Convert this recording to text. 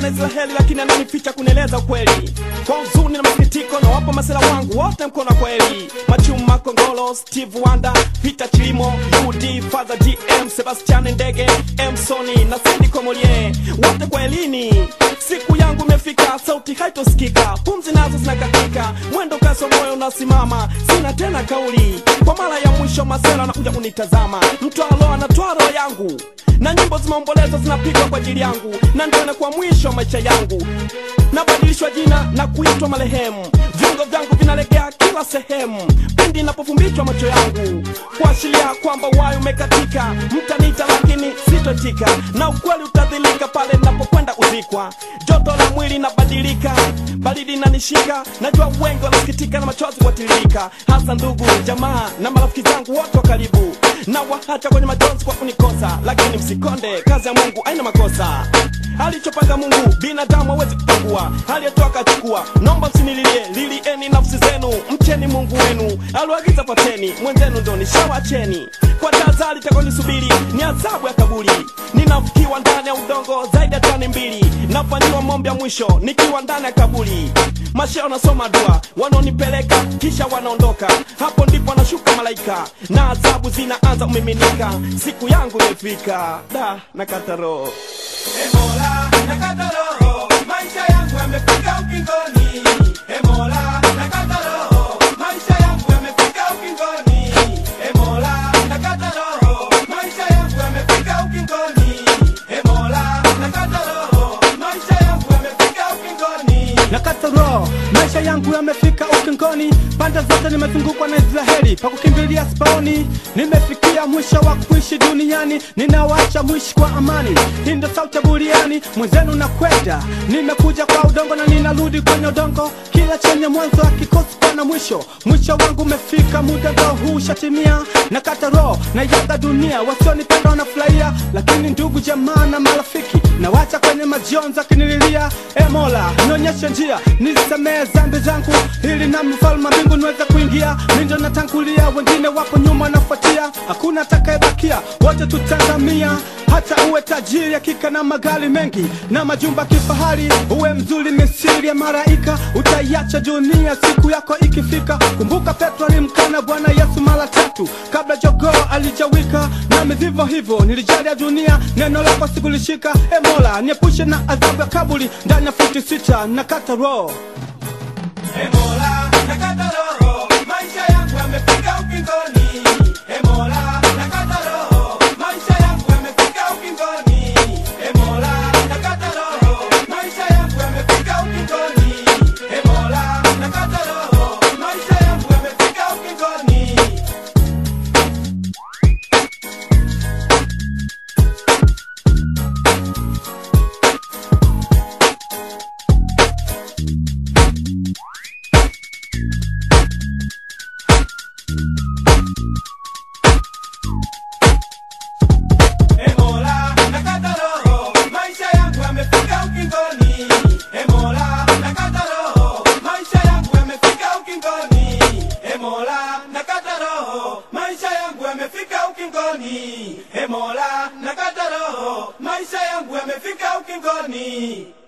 sana na lakini ananificha kuneleza ukweli. Kwa uzuni na masikitiko, na wapo masela wangu wote mkono kweli, Machuma Kongolo, Steve Wanda, Peter Chilimo, Udi Father, GM Sebastian Ndege, Emsoni na Sandy Komolie, wote kwelini. Siku yangu imefika, sauti haitosikika, pumzi nazo zinakatika, mwendo kaso moyo unasimama, sina tena kauli. Kwa mara ya mwisho masela anakuja kunitazama, mtu alo roho yangu na nyimbo zimeombolezwa zinapigwa kwa ajili yangu, na ndio inakuwa mwisho maisha yangu. Nabadilishwa jina na kuitwa marehemu, viungo vyangu vinalegea kila sehemu pindi inapofumbishwa macho yangu, kuashiria kwamba wai umekatika. Mtanita lakini sitotika, na ukweli utadhilika pale napokwenda kuzikwa Joto la mwili nabadilika, baridi inanishika najua wengi wanasikitika na machozi watiririka, hasa ndugu, jamaa na marafiki zangu wote wa karibu na wahata kwenye majonzi kwa kunikosa, lakini msikonde, kazi ya Mungu haina makosa alichopanga Mungu binadamu hawezi kupangua, aliyetoa kachukua. Nomba msinililie, lilieni nafsi zenu, mcheni Mungu wenu, aliagiza pateni, mwenzenu ndo nishawacheni. Kwa tazari litakanisubiri ni adhabu ya kaburi, ninafukiwa ndani ya udongo zaidi ya tani mbili, nafanyiwa mombi ya mwisho nikiwa ndani ya kaburi. Masheo nasoma dua, wanaonipeleka kisha wanaondoka, hapo ndipo anashuka malaika na adhabu zinaanza umiminika. Siku yangu imefika, da na roho Nakata roho, yangu yamefika shingoni, pande zote nimezungukwa na Israeli, pakukimbilia spaoni. Nimefikia mwisho wa kuishi duniani, ninawaacha mwishi kwa amani. Hii ndo sauti ya buriani, mwenzenu na kwenda. Nimekuja kwa udongo na ninarudi kwenye udongo, kila chenye mwanzo hakikosi kuwa na mwisho. Mwisho wangu umefika, muda ndo huu ushatimia. kata roho na yaga dunia, wasionipenda wanafurahia, lakini ndugu jamaa na marafiki nawacha kwenye majonzi akinililia. emola Mola, nionyeshe njia, nisamee dhambi zangu ili na na mfalme mbingu niweze kuingia mindo natangulia wengine wako nyuma nafuatia hakuna atakayebakia wote tutazamia hata uwe tajiri akika na magari mengi na majumba kifahari uwe mzuri misiri ya maraika utaiacha dunia siku yako ikifika kumbuka petro alimkana bwana yesu mara tatu kabla jogoo alijawika nami vivo hivyo nilijalia dunia neno lako sikulishika emola niepushe na adhabu ya kabuli ndani ya futi sita na kata roho hey, yamefika ukingoni, He Mola, nakata maisha yangu yamefika ukingoni.